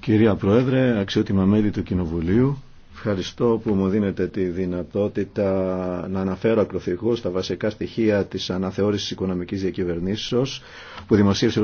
Κυρία Πρόεδρε, αξιότιμα μέλη του Κοινοβουλίου, ευχαριστώ που μου δίνετε τη δυνατότητα να αναφέρω ακροθυγώς τα βασικά στοιχεία της αναθεώρησης οικονομικής διακυβερνήσεως που δημοσίευσε